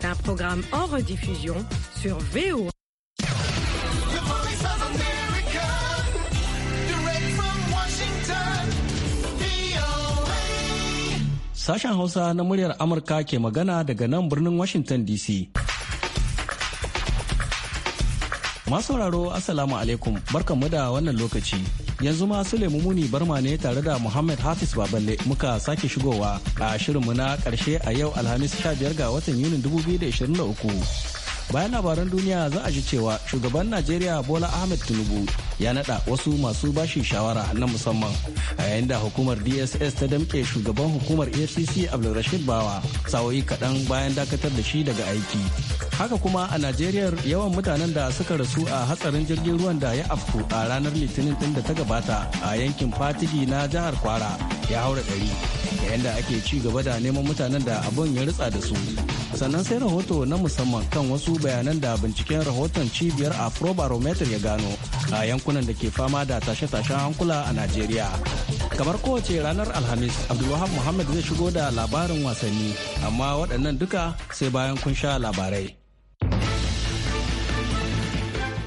d'un programme en rediffusion sur VO. Sashen Hausa na muryar Amurka ke magana daga nan birnin Washington DC. Masu sauraro Assalamu alaikum barkanmu da wannan lokaci. Yanzu ma Sulaimu Muni Barma ne tare da Muhammad Hafiz Baballe muka sake shigowa a shirinmu na karshe a yau Alhamis 15 ga watan Yunin 2023. bayan labaran duniya za a ji cewa shugaban najeriya bola ahmed tinubu ya nada wasu masu bashi shawara na musamman a yayin da hukumar dss ta damke shugaban hukumar efcc abdulrashid bawa sa'o'i kaɗan bayan dakatar da shi daga aiki haka kuma a najeriya yawan mutanen da suka rasu a hatsarin jirgin ruwan da ya afku a ranar litinin din da ta gabata a yankin fatigi na jihar kwara ya haura ɗari yayin da ake ci gaba da neman mutanen da abin ya ritsa da su sannan sai rahoto na musamman kan wasu bayanan da binciken rahoton cibiyar afrobarometer ya gano a yankunan da ke fama da tashe-tashen hankula a najeriya kamar kowace ranar alhamis abdulwahab muhammad zai shigo da labarin wasanni amma waɗannan duka sai bayan kun sha labarai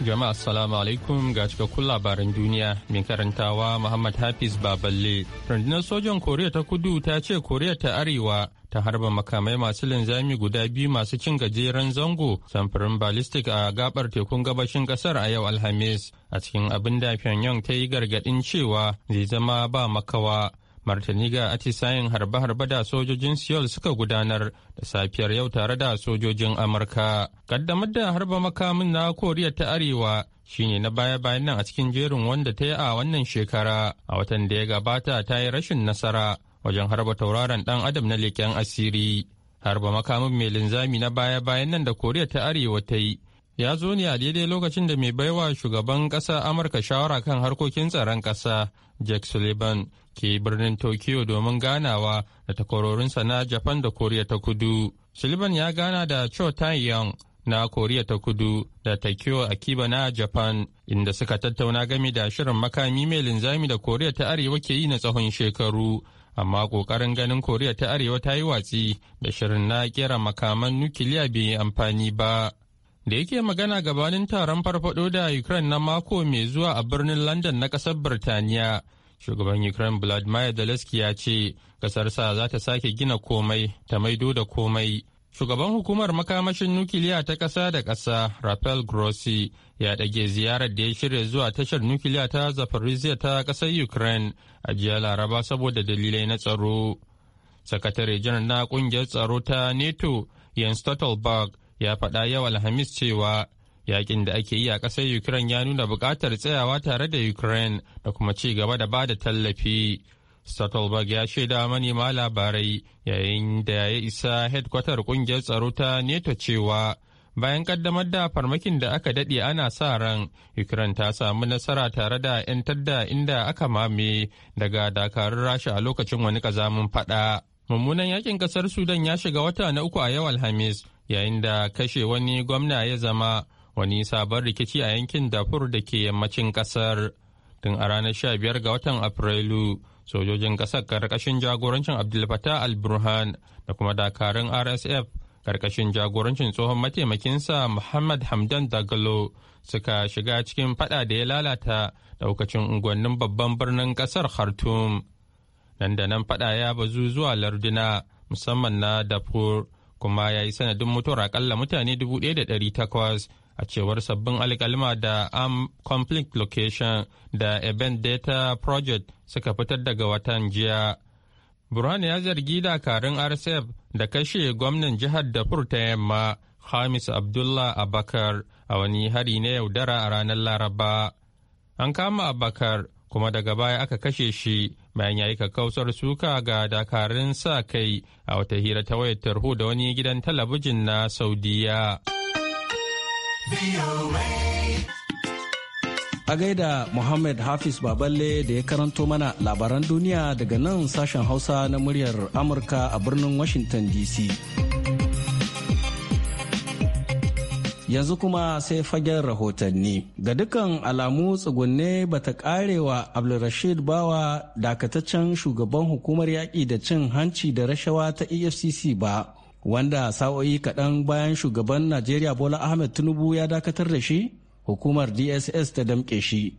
jama'a assalamu alaikum ga cikakkun labaran duniya mai karantawa muhammad hafiz baballe rundunar sojan koriya ta kudu ta ce koriya ta arewa ta harba makamai masu linzami guda biyu masu cin gajeren zango samfurin ballistic a gabar tekun gabashin kasar a yau alhamis a cikin abin da pyongyang ta yi gargadin cewa zai zama ba makawa martani ga atisayen harbe-harbe da sojojin seoul suka gudanar da safiyar yau tare da sojojin amurka kaddamar da harba makamin na koriya ta arewa shine na baya-bayan nan a cikin jerin wanda ta yi a wannan shekara a watan da ya gabata ta yi rashin nasara wajen harba tauraron ɗan adam na leƙen asiri harba makamin mai linzami na baya-bayan nan da koriya ta arewa ta yi ya zo ne a daidai lokacin da mai baiwa shugaban ƙasa amurka shawara kan harkokin tsaron ƙasa jack sullivan ke birnin tokyo domin ganawa da takwarorinsa na japan da koriya ta kudu sullivan ya gana da cho tae-yong na koriya ta kudu da takio akiba na japan inda suka tattauna game da shirin makami mai linzami da koriya ta arewa ke yi na tsawon shekaru amma ƙoƙarin ganin koriya ta arewa ta yi watsi da shirin na kera makaman nukiliya bai amfani ba da yake magana gabanin taron farfado da ukraine na mako mai zuwa a birnin london na ƙasar birtaniya shugaban ukraine vladimir zelensky ya ce ƙasarsa za ta sake gina komai ta maido da komai Shugaban hukumar makamashin nukiliya ta ƙasa da ƙasa Rafael Grossi ya ɗage ziyarar da ya shirya zuwa tashar nukiliya ta Zaporizhia ta ƙasar Ukraine a jiya Laraba saboda dalilai na tsaro. Sakatare janar na ƙungiyar tsaro ta NATO Jens Stoltenberg ya faɗa yau Alhamis cewa yakin da ake yi a ƙasar Ukraine ya nuna buƙatar tsayawa tare da Ukraine da kuma ci gaba da ba da tallafi. Stuttgart ya shaida manema labarai yayin da ya isa hedkwatar kungiyar tsaro ta NATO cewa bayan kaddamar da farmakin da aka daɗe ana sa ran Ukraine ta samu nasara tare da 'yan tadda inda aka mame daga dakarun Rasha a lokacin wani kazamin fada. Mummunan yakin kasar Sudan ya shiga wata na uku a yau Alhamis yayin da kashe wani gwamna ya zama wani sabon rikici a yankin Darfur da ke yammacin kasar. Tun a ranar 15 ga watan Afrilu, sojojin ƙasar karkashin jagorancin abdulfatah al-burhan da kuma dakarun rsf karkashin jagorancin tsohon mataimakinsa muhammad hamdan dagalo suka shiga cikin fada da ya lalata daukacin unguwannin babban birnin ƙasar khartoum nan da nan fada ya bazu zuwa larduna musamman na dafur kuma ya yi sanadin mutuwar akalla mutane 1,800 a cewar sabbin alkalma da arm conflict location da event data project suka fitar daga watan jiya burhan ya zargi dakarun rsf da kashe gwamnan jihar dafur ta yamma hamis abdullah abakar a wani hari na yaudara a ranar laraba an kama abakar kuma daga baya aka kashe shi bayan ya yi kakkausar suka ga dakarun sa kai a wata hira ta wayar tarho da wani gidan talabijin na saudiya. A gaida Muhammad Hafiz Baballe da ya karanto mana labaran duniya daga nan sashen Hausa na muryar Amurka a birnin Washington DC. yanzu kuma sai fagen rahotanni ga dukkan alamu tsugunne ba ta karewa abdulrashid bawa dakataccen shugaban hukumar yaƙi da cin hanci da rashawa ta efcc ba wanda sa'o'i kaɗan bayan shugaban najeriya bola ahmed tinubu ya dakatar da shi hukumar dss ta damƙe shi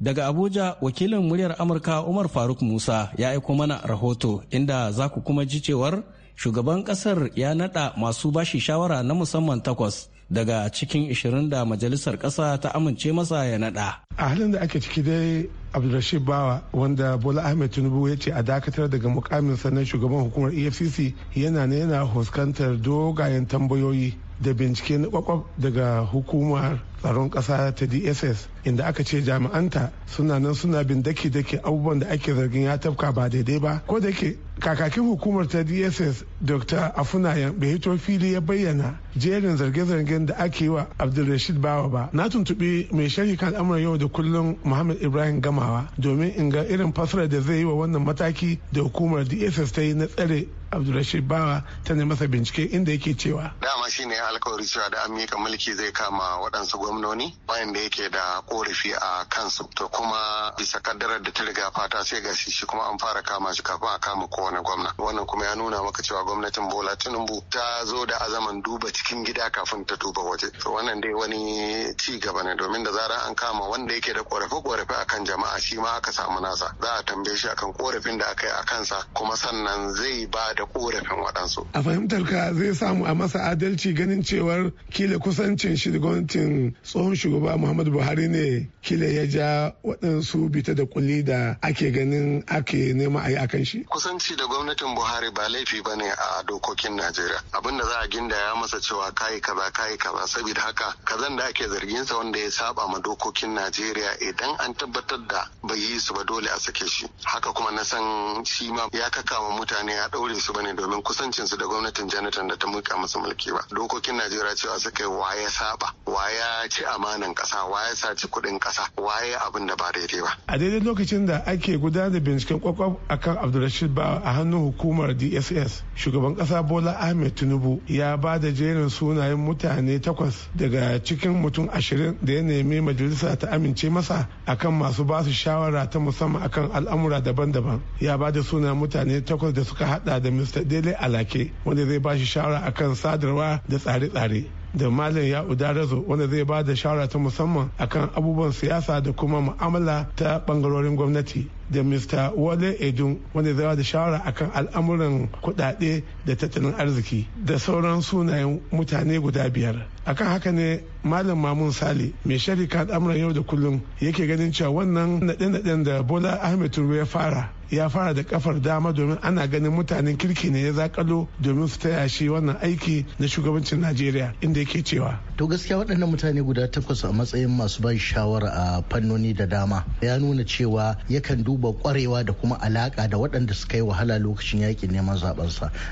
daga abuja wakilin muryar amurka umar faruk musa ya aiko mana rahoto inda za ku kuma ji cewar shugaban ƙasar ya naɗa masu bashi shawara na musamman takwas daga cikin 20 da majalisar ƙasa ta amince masa ya naɗa a halin da ake ciki dai abdulrashid bawa wanda bola ahmed tinubu ya ce a dakatar daga mukamin na shugaban hukumar efcc yana ne yana fuskantar dogayen tambayoyi da bincike na kwakwab daga hukumar tsaron ƙasa ta dss inda aka ce jami'anta suna nan suna bin daki-daki abubuwan da ake zargin ya tafka ba daidai ba ko da ke kakakin hukumar ta dss dr afunayan bai hito fili ya bayyana jerin zarge-zargen da ake yi wa abdulrashid bawa ba na tuntuɓi mai sharhi kan al'amuran yau da kullum muhammad ibrahim gamawa domin in ga irin fasarar da zai yi wa wannan mataki da hukumar dss ta yi na tsare abdulrashid bawa ta ne masa bincike inda yake cewa dama shine alkawari cewa da an mulki zai kama waɗansu gwamnati gwamnoni wayanda yake da korafi a kansu to kuma bisa kaddarar da ta riga fata sai ga shi kuma an fara kama shi kafin a kama kowane gwamna wannan kuma ya nuna maka cewa gwamnatin bola tinubu ta zo da azaman duba cikin gida kafin ta duba waje to wannan dai wani ci gaba ne domin da zarar an kama wanda yake da korafe-korafe akan jama'a shi ma aka samu nasa za a tambaye shi akan korafin da aka yi a kansa kuma sannan zai ba da korafin waɗansu. a fahimtar ka zai samu a masa adalci ganin cewar kila kusancin shi da gwamnatin tsohon shugaba muhammadu buhari ne kila ya ja waɗansu bita da kulli da ake ganin ake nema a yi akan shi kusanci da gwamnatin buhari ba laifi ba ne a dokokin najeriya abin da za a ginda ya masa cewa kayi kaza kayi kaza saboda haka kazan da ake zarginsa wanda ya saba ma dokokin najeriya idan an tabbatar da bai yi su ba dole a sake shi haka kuma na san shi ma ya kakama mutane a ɗaure su ba ne domin kusancinsu da gwamnatin janatan da ta mulka masa mulki ba dokokin najeriya cewa suka yi ya saba waya ci amanan wa waye saci kuɗin kasa waye abin da ba daidai ba. A daidai lokacin da ake gudanar da binciken kwakwaf akan Abdulrashid ba a hannun hukumar DSS shugaban kasa Bola Ahmed Tinubu ya ba da jerin sunayen mutane takwas daga cikin mutum ashirin da ya nemi majalisa ta amince masa akan masu ba su shawara ta musamman akan al'amura daban-daban ya ba da sunayen mutane takwas da suka hada da Mr. Dele Alake wanda zai ba shi shawara akan sadarwa da tsare-tsare. da malam ya udarazo wanda zai ba da shawara ta musamman akan abubuwan siyasa da kuma mu'amala ta bangarorin gwamnati da mr wale edun wanda zai ba da shawara akan al'amuran kudade da tattalin arziki da sauran sunayen mutane guda biyar akan haka ne malam mamun sale mai sharika al'amuran yau da kullum yake ganin cewa wannan naɗe-naɗen da bola ahmed ya fara ya fara da kafar dama domin ana ganin mutanen kirki ne ya zakalo domin su taya shi wannan aiki na shugabancin najeriya inda yake cewa to gaskiya waɗannan mutane guda takwas a matsayin masu ban shawara a fannoni da dama ya nuna cewa yakan duba kwarewa da kuma alaka da waɗanda suka yi wahala lokacin yakin neman sa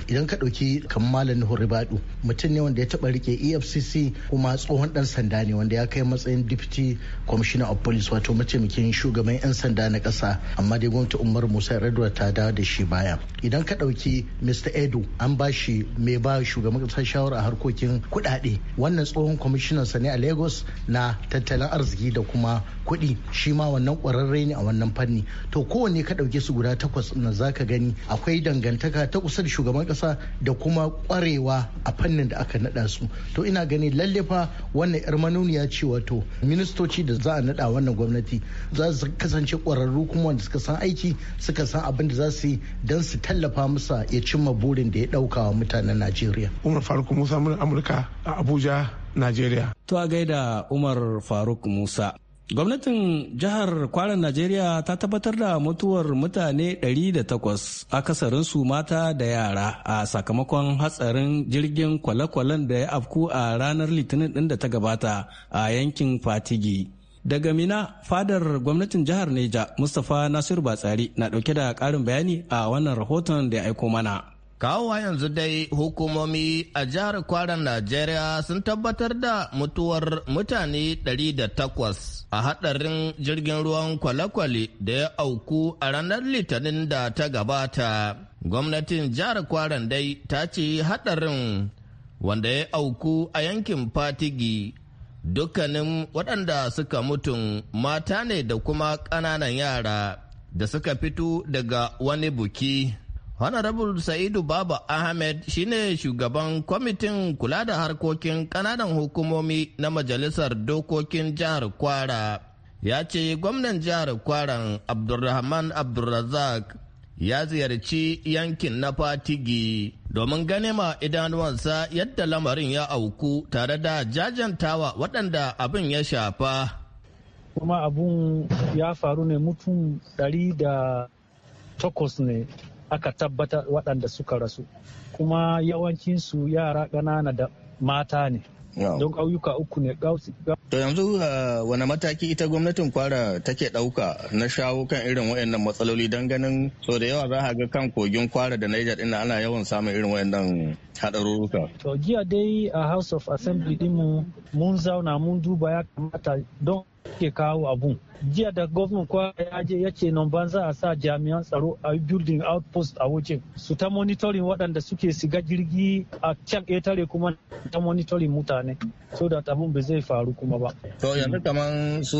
idan ka ɗauki kammalan nuhu ribadu mutum ne wanda ya taɓa rike efcc kuma tsohon ɗan sanda ne wanda ya kai matsayin deputy commissioner of police wato mataimakin shugaban 'yan sanda na ƙasa amma dai gwamnati umar musa yar'adua ta dawo da shi baya idan ka ɗauki mr edu an ba shi mai ba shugaban ƙasa shawara a harkokin kuɗaɗe wannan tsohon babban kwamishinan sa a lagos na tattalin arziki da kuma kuɗi shi ma wannan ƙwararre ne a wannan fanni to kowanne ka ɗauke su guda takwas na zaka gani akwai dangantaka ta kusa da shugaban ƙasa da kuma ƙwarewa a fannin da aka naɗa su to ina gani lalle fa wannan yar manuniya ce wato ministoci da za a naɗa wannan gwamnati za su kasance ƙwararru kuma wanda suka san aiki suka san abin da za su yi don su tallafa masa ya cimma burin da ya ɗauka wa mutanen najeriya umar faruk musa amurka a abuja Najeriya. To a gaida Umar Faruk Musa. Gwamnatin jihar Kwaran Najeriya ta tabbatar da mutuwar mutane 108 akasarinsu mata da yara a sakamakon hatsarin jirgin kwale-kwalen da ya afku a ranar litinin ɗin da ta gabata a yankin Fatigi. Daga Mina, fadar gwamnatin jihar Neja, Mustapha Nasiru Batsari na ɗauke da ƙarin bayani a wannan rahoton da ya aiko mana. kawowa yanzu dai hukumomi a jihar kwaran najeriya sun tabbatar da mutuwar mutane 108 a hadarin jirgin ruwan kwale-kwale da ya auku a ranar litinin da ta gabata gwamnatin jihar kwaran dai ta ce hadarin wanda ya auku a yankin fatigi dukkanin waɗanda suka mutum mata ne da kuma ƙananan yara da suka fito daga wani buki Honorable Sa'idu Baba Ahmed shine shugaban kwamitin kula da harkokin kananan hukumomi na Majalisar Dokokin Jihar Kwara. Ya ce gwamnan jihar Kwaran Abdulrahman Abdulrazak ya ziyarci yankin na Fatigi domin gane ma idanuwansa yadda lamarin ya auku tare da jajantawa waɗanda abin ya shafa. Kuma abun ya faru ne mutum ɗari da takwas ne aka tabbata waɗanda suka rasu kuma yawancinsu yara ƙanana da mata ne don ƙauyuka uku ne to yanzu uh, wani mataki ita gwamnatin kwara take ɗauka na shawo kan irin wayannan matsaloli don ganin so da yawa za a ga kan kogin kwara da niger ɗin ana yawan samun irin wayannan haɗarurruka to jiya dai a house of assembly ɗinmu mun zauna mun duba ya kamata don ke kawo abun jiya da gwamnan kwa ya je ya ce nan ban za a sa jami'an tsaro a building outpost a wuce su ta monitoring waɗanda suke siga jirgi a can etare kuma ta monitoring mutane so da abun bai zai faru kuma ba. to yanzu kaman su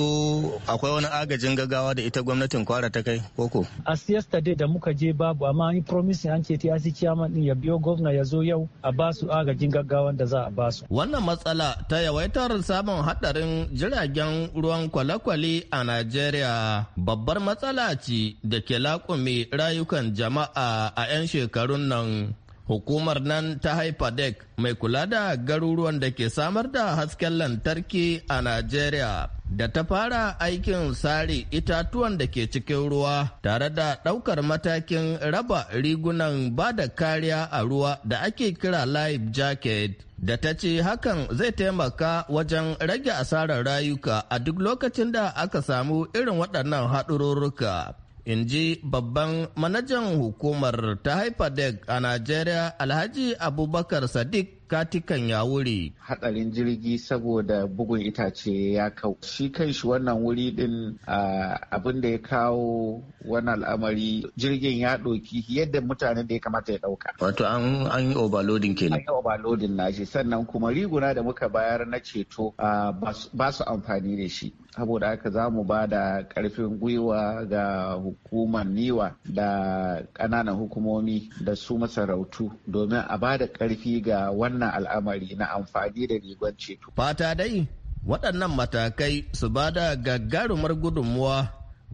akwai wani agajin gaggawa da ita gwamnatin kwara ta kai koko. a yesterday da muka je babu amma an yi promising an ce ta chairman din ya biyo gwamna ya zo yau a basu agajin gaggawa da za a basu. wannan matsala ta yawaitar samun haɗarin jiragen ruwan kwale-kwale a Najeriya babbar matsala ce da ke laƙumi rayukan jama'a a 'yan shekarun nan Hukumar nan ta haifa dek mai kula da garuruwan da ke samar da hasken lantarki a Najeriya da ta fara aikin sare itatuwan da ke cikin ruwa tare da ɗaukar matakin raba rigunan ba da kariya a ruwa da ake kira life jacket. da ta ce hakan zai taimaka wajen rage asarar rayuka a duk lokacin da aka samu irin waɗannan haɗururruka. in ji babban manajan hukumar ta haifadek a Najeriya Alhaji Abubakar Sadiq katikan ya wuri. Hatsarin jirgi saboda bugun itace ya kau. Shi kai shi wannan wuri din abin da ya kawo wani al'amari jirgin ya ɗoki yadda mutane da ya kamata ya ɗauka. Wato an yi overloading kenan. An yi overloading na shi sannan kuma riguna da muka bayar na ceto ba su amfani da shi. saboda haka za mu ba da karfin gwiwa ga hukumar niwa da ƙananan hukumomi da su masarautu domin a ba da karfi ga wannan wannan al'amari na amfani da rigon ceto. Fata dai waɗannan matakai su ba da gagarumar gudunmuwa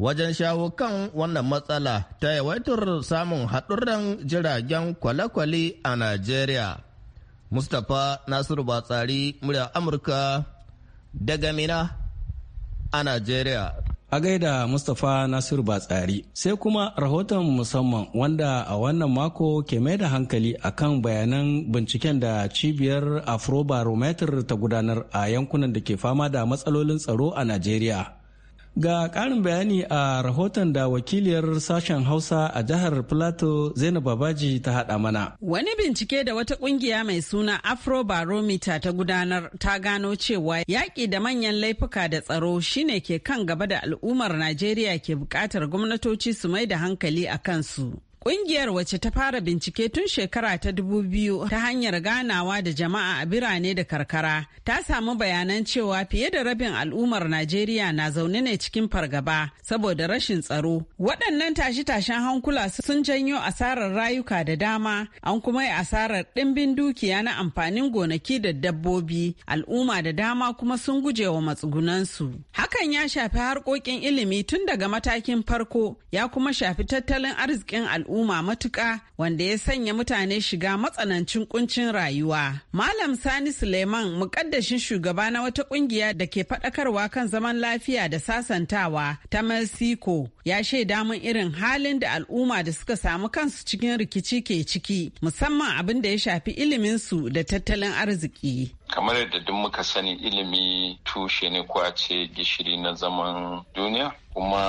wajen shawo kan wannan matsala ta yawaitar samun haɗurran jiragen kwale-kwale a Najeriya. Mustapha Nasiru Batsari, murya Amurka daga Mina a Najeriya. A gaida Mustapha Nasiru Batsari sai kuma rahoton musamman wanda a wannan mako ke mai da hankali akan bayanan binciken da cibiyar Afrobarometer ta gudanar a yankunan da ke fama da matsalolin tsaro a Najeriya. Ga ƙarin bayani a rahoton da wakiliyar sashen Hausa a jihar Plateau Zainab Babaji ta haɗa mana. Wani bincike da wata ƙungiya mai suna Afro-Barrow barometer ta gudanar ta gano cewa yaƙi da manyan laifuka da tsaro shine ke kan gaba da al'ummar Najeriya ke buƙatar gwamnatoci su mai da hankali a kansu. Ƙungiyar wacce ta fara bincike tun shekara ta dubu biyu ta hanyar ganawa da jama'a a birane da karkara ta samu bayanan cewa fiye da rabin al'ummar Najeriya na zaune ne cikin fargaba saboda rashin tsaro. Waɗannan tashi tashen hankula sun janyo asarar rayuka da dama an kuma yi asarar ɗimbin dukiya na amfanin gonaki da dabbobi al'umma da dama kuma sun guje wa matsugunansu. Hakan ya shafi harkokin ilimi tun daga matakin farko ya kuma shafi tattalin arzikin al'umma. al'umma matuƙa wanda ya sanya mutane shiga matsanancin kuncin rayuwa. Malam Sani Suleiman muƙaddashin shugaba na wata ƙungiya da ke faɗakarwa kan zaman lafiya da sasantawa ta Melsiko ya shaida mun irin halin da al'umma da suka samu kansu cikin rikici ke ciki musamman abin da ya shafi ilimin su da tattalin arziki. kamar yadda duk muka sani ilimi tushe ne ko a ce gishiri na zaman duniya kuma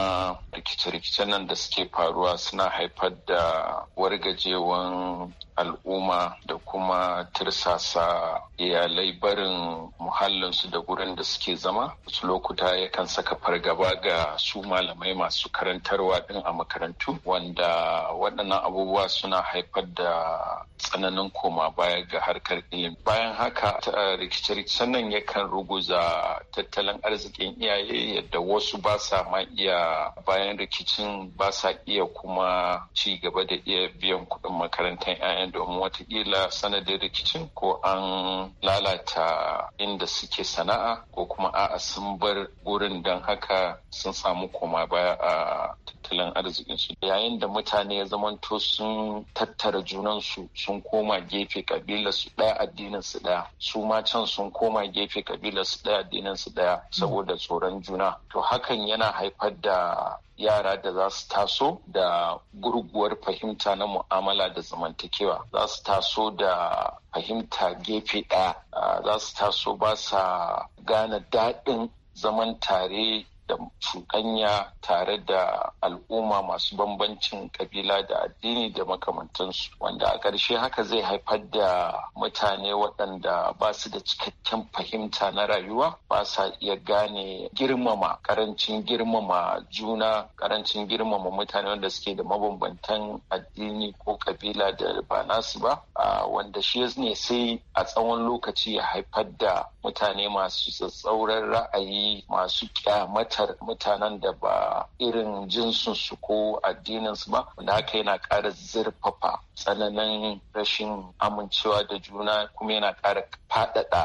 rikice-rikicen nan da suke faruwa suna haifar da wargajewan al'umma da kuma tirsasa iyalai barin muhallinsu da gurin da suke zama wasu lokuta yakan saka fargaba ga su malamai masu karantarwa din a makarantu wanda waɗannan abubuwa suna haifar da tsananin koma baya ga harkar ilimi bayan haka rikice-rikicen nan yakan ruguza tattalin arzikin iyaye yadda wasu ba sa ma iya bayan rikicin ba sa iya kuma ci gaba da iya biyan kuɗin makarantar 'ya'yan domin watakila sanadin rikicin ko an lalata inda suke sana'a ko kuma a'a sun bar gurin don haka sun samu koma baya a tattalin arzikinsu yayin da mutane ya zamanto sun tattara junansu sun koma gefe kabila su ɗaya addinin su ɗaya su ma can sun koma gefe kabila su ɗaya addinin ɗaya saboda tsoron juna to hakan yana haifar da yara da za su taso da gurguwar fahimta na mu'amala da zamantakewa za su taso da fahimta gefe ɗaya ah, za su taso ba sa gane daɗin zaman tare da cuɗanya tare da al'umma masu bambancin kabila da addini da makamantansu wanda a ƙarshe haka zai haifar da mutane waɗanda ba su da cikakken fahimta na rayuwa ba sa iya gane girmama ƙarancin girmama juna ƙarancin girmama mutane wanda suke da mabambantan addini ko kabila da ba nasu ba wanda shi ne sai a tsawon lokaci ya haifar da mutane masu tsatsauran ra'ayi masu kyamatar mutanen da ba irin jinsinsu ko addininsu ba wanda haka yana ƙara zurfafa tsananin rashin amincewa da juna kuma yana ƙara faɗaɗa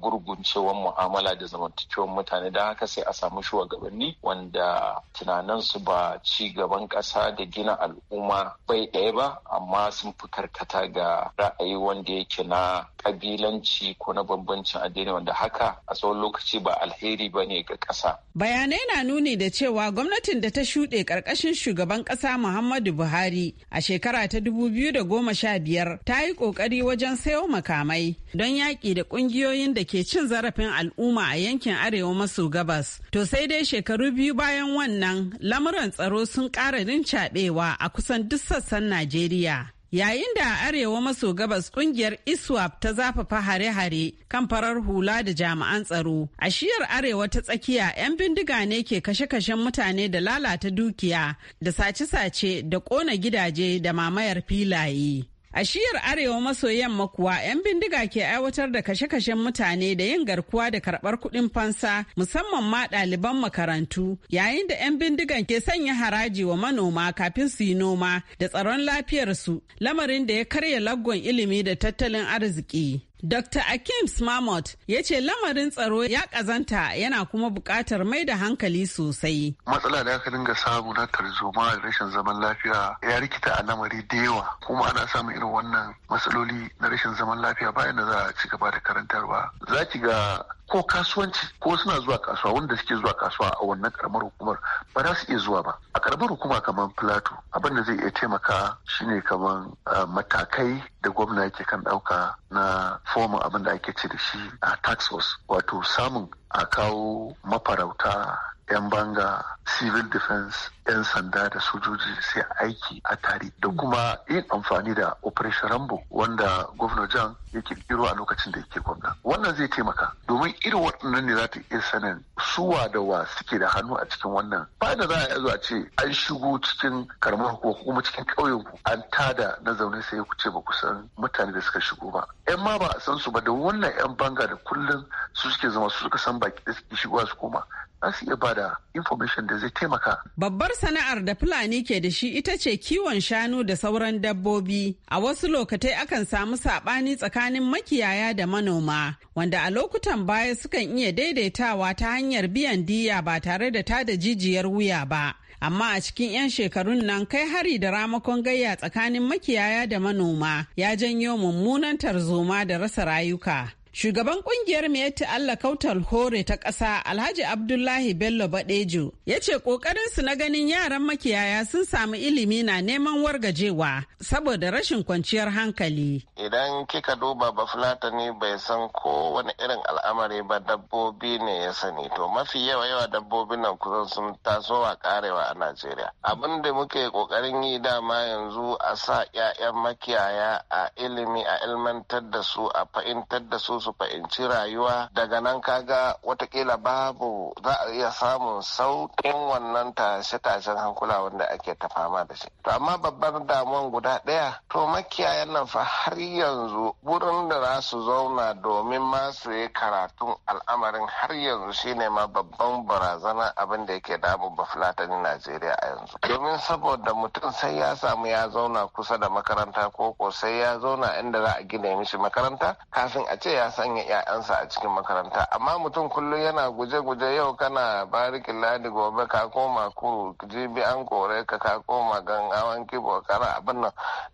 gurguncewar mu'amala da zamantakewar mutane don haka sai a samu shugabanni wanda tunaninsu ba ci gaban ƙasa da gina al'umma bai ɗaya ba amma sun fi karkata ga ra'ayi wanda yake na ƙabilanci ko na bambancin addini wanda haka a tsawon lokaci ba alheri ba ne ga ƙasa. bayanai na nuni da cewa gwamnatin da ta shuɗe ƙarƙashin shugaban ƙasa muhammadu buhari a shekara ta biyar, ta yi ƙoƙari wajen sayo makamai don yaƙi yaƙi da ƙungiyoyin da ke cin zarafin al'umma a yankin arewa maso gabas. To sai dai shekaru biyu bayan wannan lamuran tsaro sun ƙara rincaɓewa a kusan duk sassan Najeriya. Yayin da a arewa maso gabas ƙungiyar ISWAP ta zafafa hare-hare kan farar hula da jami'an tsaro. A shiyar arewa ta tsakiya 'yan bindiga ne ke kashe-kashen mutane da lalata dukiya da sace-sace da ƙona gidaje da mamayar filaye. A shiyar arewa maso yamma kuwa 'yan bindiga ke aiwatar da kashe-kashen mutane da yin garkuwa da karɓar kuɗin fansa musamman ma ɗaliban makarantu yayin da 'yan bindigan ke sanya haraji wa manoma kafin su yi noma da tsaron lafiyarsu lamarin da ya karya laggon ilimi da tattalin arziki. Dr. Akim Smamot ya ce lamarin tsaro ya kazanta yana kuma buƙatar mai da hankali sosai. Matsala da aka dinga samu na tarzoma da rashin zaman lafiya ya rikita a lamari da yawa kuma ana samun irin wannan matsaloli na rashin zaman lafiya bayan da za a ci gaba da karantarwa. Za ki ga ko kasuwanci ko suna zuwa kasuwa wanda suke zuwa kasuwa a wannan karamar hukumar ba za su iya zuwa ba a karamar hukuma kamar plato abin da zai iya taimaka shine kamar ah, matakai da gwamna yake kan dauka na fomin abin da ake ce da shi a ah, tax wato samun a kawo mafarauta 'yan banga civil defense 'yan sanda da sojoji sai aiki a tare da kuma yin amfani da operation rambo wanda governor jan ya kirkiro a lokacin da yake gwamna wannan zai taimaka domin irin waɗannan ne za ta iya sanin suwa da wa suke da hannu a cikin wannan ba da za a zo a ce an shigo cikin karamar ko kuma cikin ƙauyen ku an tada na zaune sai ku ce ba ku san mutane da suka shigo ba yan ma ba a san su ba da wannan yan banga da kullum su suke zama su suka san baki da suke shigowa su koma za su iya bada information da zai taimaka. Babbar sana'ar da Fulani ke da shi ita ce kiwon shanu da sauran dabbobi. A wasu lokatai akan samu saɓani tsakanin makiyaya da manoma, wanda a lokutan baya sukan iya daidaitawa ta hanyar biyan diya ba tare da tada jijiyar wuya ba. Amma a cikin 'yan shekarun nan kai hari da ramakon gayya tsakanin makiyaya da manoma ya janyo mummunan tarzoma da rasa rayuka. Shugaban kungiyar Miyatti Allah Kautal Hore ta ƙasa Alhaji Abdullahi Bello Badejo ya ce ƙoƙarinsu na ganin yaran makiyaya sun samu ilimi na neman wargajewa saboda rashin kwanciyar hankali. Idan kika duba ba Fulatani bai san ko wani irin al'amari ba dabbobi ne ya sani to mafi yawa yawa dabbobin nan kusan sun taso a karewa a Najeriya. Abin da muke ƙoƙarin yi dama yanzu a sa 'ya'yan makiyaya a ilimi a ilmantar da su a fahimtar da su su fahimci rayuwa daga nan kaga watakila babu za a iya samun sauƙin wannan tashe-tashen hankula wanda ake ta fama da shi to amma babbar damuwan guda ɗaya to makiyayan nan fa har yanzu wurin da za su zauna domin ma su yi karatun al'amarin har yanzu shine ma babban barazana abin da yake damu bafulatani najeriya a yanzu domin saboda mutum sai ya samu ya zauna kusa da makaranta ko ko sai ya zauna inda za a gina mishi makaranta kafin a ce ya sanya 'ya'yansa a cikin makaranta amma mutum kullum yana guje-guje yau kana bariki ladi gobe ka koma kuru jibi an kore ka ka koma gan awan kibo kara abin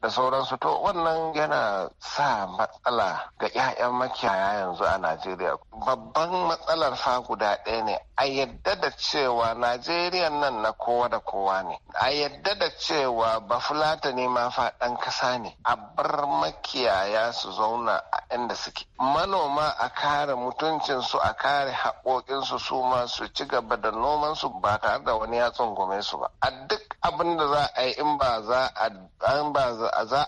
da sauransu to wannan yana sa matsala ga 'ya'yan makiyaya yanzu a najeriya babban matsalar fa guda ɗaya ne a yadda da cewa najeriya nan na kowa da kowa ne a yadda da cewa fulata ne ma faɗan ƙasa ne a bar makiyaya su zauna a inda suke manoma a kare mutuncinsu a kare haƙoƙinsu su ma su ci gaba da nomansu ba tare da wani ya tsungume su ba a duk abin da za a yi in ba za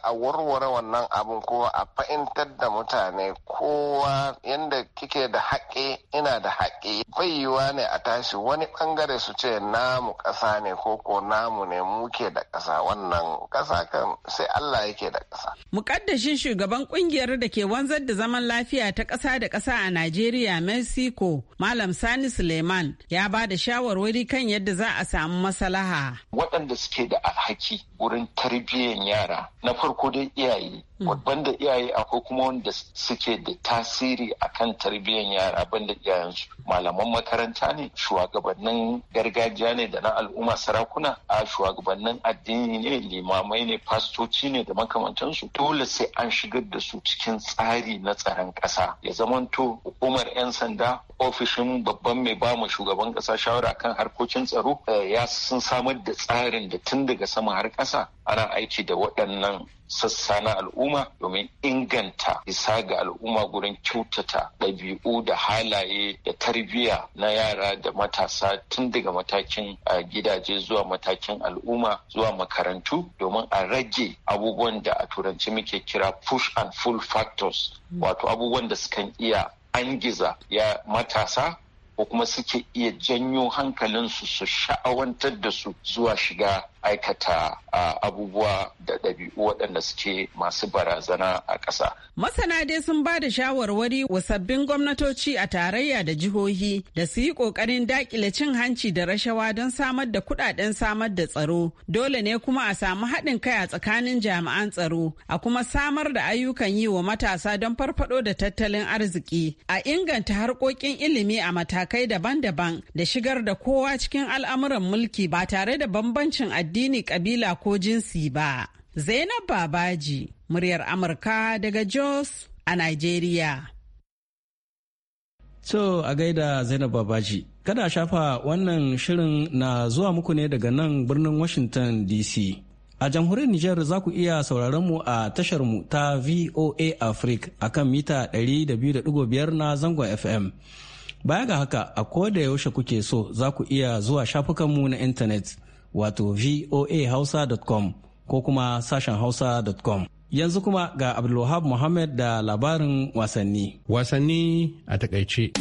a warware wannan abin kowa a fahimtar da mutane kowa yadda kike da haƙe ina da haƙe bai yiwa ne a tashi wani bangare su ce namu kasa ne ko ko namu ne muke da kasa wannan kasa kan sai Allah yake da kasa. Mukaddashin shugaban kungiyar da ke wanzar da zaman lafiya ta ƙasa da ƙasa a Najeriya Mexico Malam Sani Suleiman ya ba da shawarwari kan yadda za a samu maslaha. Waɗanda suke da alhaki wurin tarbiyyar yara na farko dai iyaye Mm. da iyaye akwai kuma wanda suke da tasiri a kan tarbiyyar yara banda iyayensu malaman makaranta ne shugabannin gargajiya ne da na al'umma sarakuna a shugabannin addini ne limamai ne fastoci ne da makamantansu dole sai an shigar da su cikin tsari na tsaron ƙasa ya zamanto hukumar 'yan sanda ofishin babban mai ba mu shugaban kasa shawara kan harkokin tsaro eh, ya sun samar da tsarin da tun daga sama har ƙasa ana aiki da waɗannan sassa na al'umma domin inganta isa ga al'umma gurin kyautata ɗabi'u da halaye da tarbiyya na yara da matasa tun daga matakin eh, gidaje zuwa matakin al'umma zuwa makarantu domin a rage abubuwan da a turanci muke kira push and pull factors mm. wato abubuwan da sukan iya angiza ya matasa ko kuma suke iya janyo hankalinsu su sha'awantar da su zuwa shiga aikata abubuwa da ɗabi'u waɗanda suke masu barazana a ƙasa. Masana dai sun ba da shawarwari wa sabbin gwamnatoci a tarayya da jihohi da su yi ƙoƙarin daƙile cin hanci da rashawa don samar da kuɗaɗen samar da tsaro. Dole ne kuma a samu haɗin kai a tsakanin jami'an tsaro a kuma samar da ayyukan yi wa matasa don farfaɗo da tattalin arziki a inganta harkokin ilimi a matakai daban-daban da shigar da kowa cikin al'amuran mulki ba tare da bambancin addini addini, kabila ko jinsi ba. Zainab Babaji, muryar Amurka daga Jos a Nigeria. So a gaida Zainab Babaji, kada shafa wannan shirin na zuwa muku ne daga nan birnin Washington DC. A jamhuriyar Nijar za ku iya sauraron mu a tashar mu ta VOA Africa a kan mita 200.5 na zangon FM. Baya ga haka, a ko da yaushe kuke so za ku iya zuwa shafukanmu na intanet wato voahausa.com ko kuma sashen hausa.com. Yanzu kuma ga Abdulwahab Muhammad da labarin wasanni. Wasanni a takaice.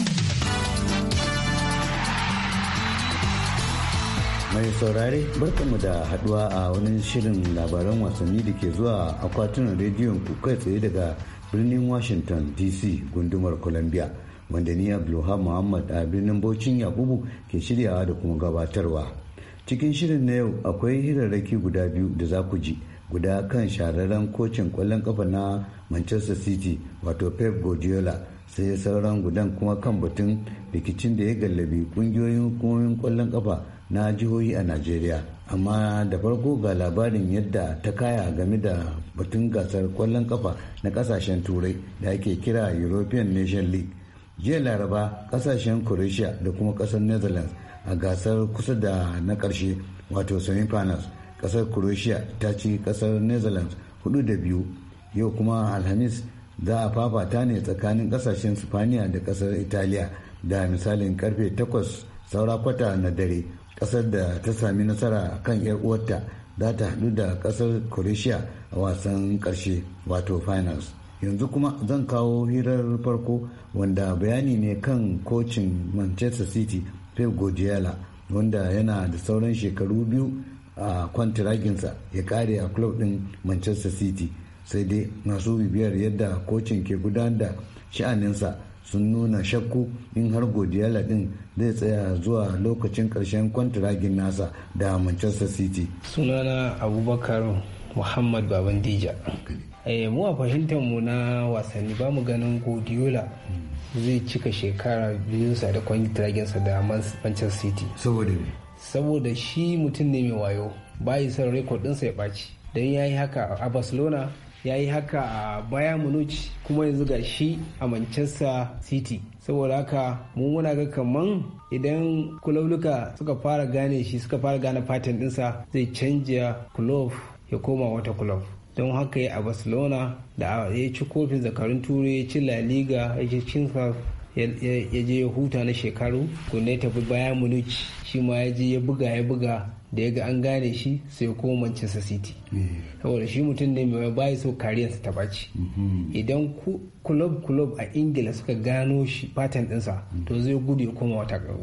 mai saurare barkamu da haduwa a wani shirin labaran wasanni da ke zuwa akwatunan rediyon ku kai tsaye daga birnin washington dc gundumar columbia wanda ni abdulham muhammad a birnin bocin yakubu ke shiryawa da kuma gabatarwa cikin shirin na yau akwai hirarraki guda biyu da za ku ji guda kan shahararren kocin kwallon kafa na manchester city wato pep guardiola sai sauran gudan kuma kan batun rikicin da ya gallabi kungiyoyin hukumomin kwallon kafa na jihohi a najeriya amma da farko ga labarin yadda ta kaya game da batun gasar kwallon kafa na kasashen turai da ake kira european nation league jiya laraba kasashen croatia da kuma kasar netherlands a gasar kusa da na ƙarshe wato semifinals ƙasar croatia ta ci ƙasar netherlands hudu da biyu yau kuma alhamis za a fafata ne tsakanin ƙasashen spaniya da ƙasar italiya da misalin karfe 8 saura kwata na dare ƙasar da ta sami nasara kan 'yar uwarta za ta hadu da ƙasar croatia a wasan ƙarshe wato finals yanzu kuma zan kawo hirar farko wanda bayani ne kan kocin manchester city pep guardiola wanda yana da sauran shekaru biyu a kwantiraginsa ya kare a club din manchester city sai dai masu bibiyar yadda kocin ke gudanar da sha'aninsa sun nuna shakku in har guardiola din zai tsaya zuwa lokacin karshen kwantiragin nasa da manchester city sunana abubakar muhammad babandija Eh, mu a fahimtar mu na wasanni ba mu ganin godiola zai cika shekara sa da kwangitragensa da manchester city saboda saboda shi mutum ne mai wayo bayi son rekod ɗinsa ya ɓaci don ya yi haka a barcelona ya yi haka a bayan munich kuma yanzu ga shi a manchester city saboda haka mu muna ga kaman idan kulauluka suka fara gane shi suka fara gane fatan ɗinsa zai canja kulof ya koma wata kulof don haka ya a barcelona da ya ci kofin zakarun turai ya ci la liga ya ci ya je ya huta na shekaru kun ya tafi bayan munich shi ma ya je ya buga ya buga da ya ga an gane shi sai ya koma manchester city saboda shi mutum ne mai bayi so kariyarsa ta baci mhm. idan kulob kulob a ingila suka gano shi patent dinsa to zai gudu ya koma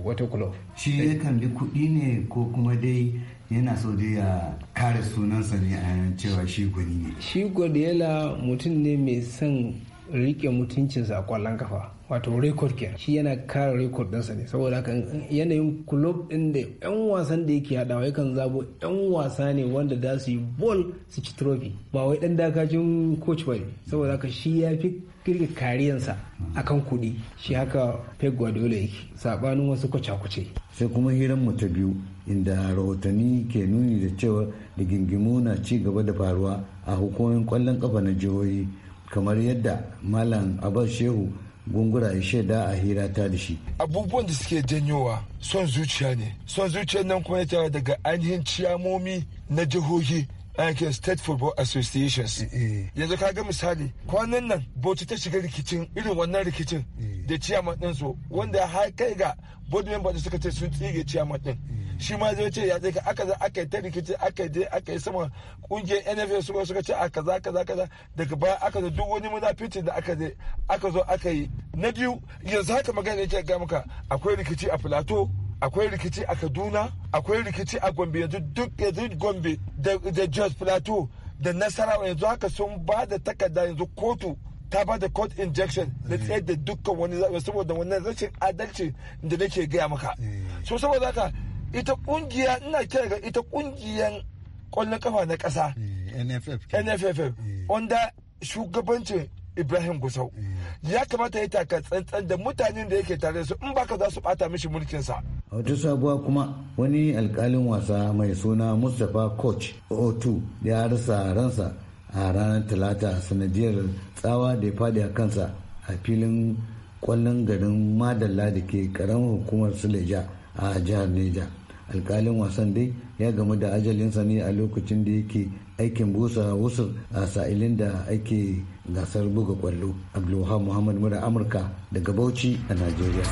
wata kulob shi ya kalli kuɗi ne ko kuma dai yana so dai ya kare sunansa ne a cewa shi gwani ne shi yana mutum ne mai son rike mutuncinsa a kwallon kafa wato rekod ke. shi yana kare rekod ɗinsa ne saboda haka yanayin kulob ɗin da yan wasan da yake haɗawa yakan zabo yan wasa ne wanda za su yi bol su ci trophy ba wai ɗan dakacin coach ba saboda haka shi ya fi kirga kariyansa kan kuɗi shi haka Pep Guardiola yake sabanin wasu kwace-kwace. Sai kuma hiran mu ta biyu inda rahotanni ke nuni da cewa rigingimu na ci gaba da faruwa a hukumomin kwallon kafa na jihohi kamar yadda Malam Abbas Shehu gungura ya shaida a hira ta da shi. Abubuwan da suke janyowa son zuciya ne. Son zuciya nan kuma ya daga ainihin ciyamomi na jihohi ake state football associations eh, eh. yanzu ka ga misali kwanan nan bauchi ta shiga rikicin irin wannan rikicin eh. da ciyaman ɗinsu wanda har kai ga board member da suka ce sun tsige ciyaman din shi ma zai ce ya zai ka aka yi ta rikici aka je aka yi sama kungiyar nfa suka suka ce aka za kaza kaza daga baya aka zo duk wani fitin da aka je aka zo aka yi na biyu yanzu haka magana yake ga maka akwai rikici a plateau akwai rikici a kaduna akwai rikici a gombe yanzu duk yanzu gombe da jos plateau da nasarawa yanzu haka sun ba da takarda yanzu kotu ta ba da court injection da eh. tsayar da dukkan wani saboda wannan rashin adalci da nake gaya maka eh. so saboda haka ita kungiya ina kira ga ita kungiyan kwallon kafa na ƙasa eh, nff wanda shugabancin ibrahim gusau mm. ya kamata ya taka tsantsan da mutanen da yake tare su in baka za su bata mishi mulkinsa a wata sabuwa kuma wani alkalin wasa mai suna mustapha koch o2 ya rasa ransa a ranar talata sanadiyar tsawa da ya fadi a kansa a filin kwallon garin madalla da ke karamin hukumar suleja a jihar neja alkalin wasan dai ya gamu da ajalinsa ne a lokacin da yake aikin busa wusur a sa'ilin da ake gasar buga kwallo abdulwahab muhammad mura amurka daga bauchi a najeriya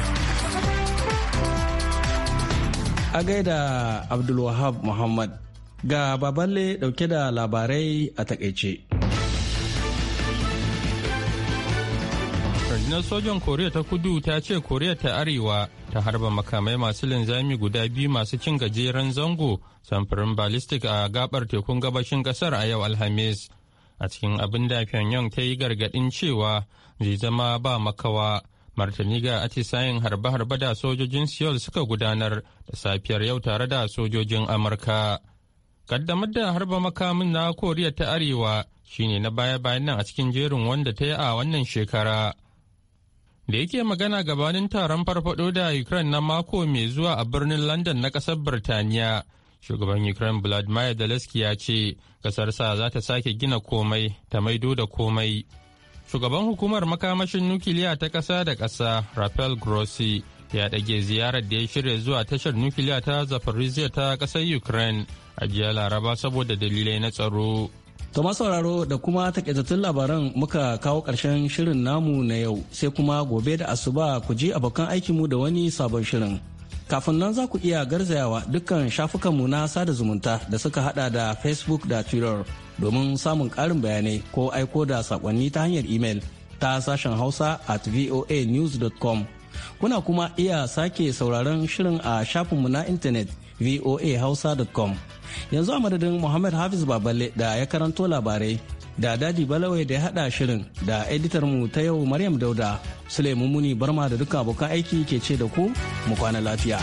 a gaida abdulwahab muhammad ga baballe dauke da labarai a takaice rundunar sojan koriya ta kudu ta ce koriya ta arewa ta harba makamai masu linzami guda biyu masu cin gajeren zango samfurin ballistic a gabar tekun gabashin kasar a yau alhamis a cikin abin da pyongyang ta yi gargadin cewa zai zama ba makawa martani ga atisayen harbe-harbe da sojojin seoul suka gudanar da safiyar yau tare da sojojin amurka kaddamar da harba makamin na koriya ta arewa shine na baya-bayan nan a cikin jerin wanda ta yi a wannan shekara da yake magana gabanin taron farfado da ukraine na mako mai zuwa a birnin london na kasar birtaniya shugaban ukraine vladimir zelensky ya ce sa za ta sake gina komai ta maido da komai shugaban hukumar makamashin nukiliya ta ƙasa da ƙasa rafael grossi ya ɗage ziyarar da ya shirya zuwa tashar nukiliya ta zafarizia ta ƙasar ukraine a jiya laraba saboda dalilai na tsaro To sauraro da kuma takaitattun labaran muka kawo ƙarshen shirin namu na yau sai kuma gobe da asuba ku ji abokan aikinmu da wani sabon shirin. Kafin nan za ku iya garzayawa dukkan shafukanmu na sada zumunta da suka hada da Facebook da Twitter domin samun karin bayanai ko aiko da sakonni ta hanyar imel ta sashen Hausa at voanews.com. Kuna kuma iya sake sauraron shirin a shafinmu na intanet voahausa.com. Yanzu a madadin Muhammad Hafiz Baballe da ya karanto labarai da dadi balawai da ya hada shirin da editar mu ta yau maryam dauda suleiman muni barma da duka abokan aiki ke ce da ku mu kwana lafiya.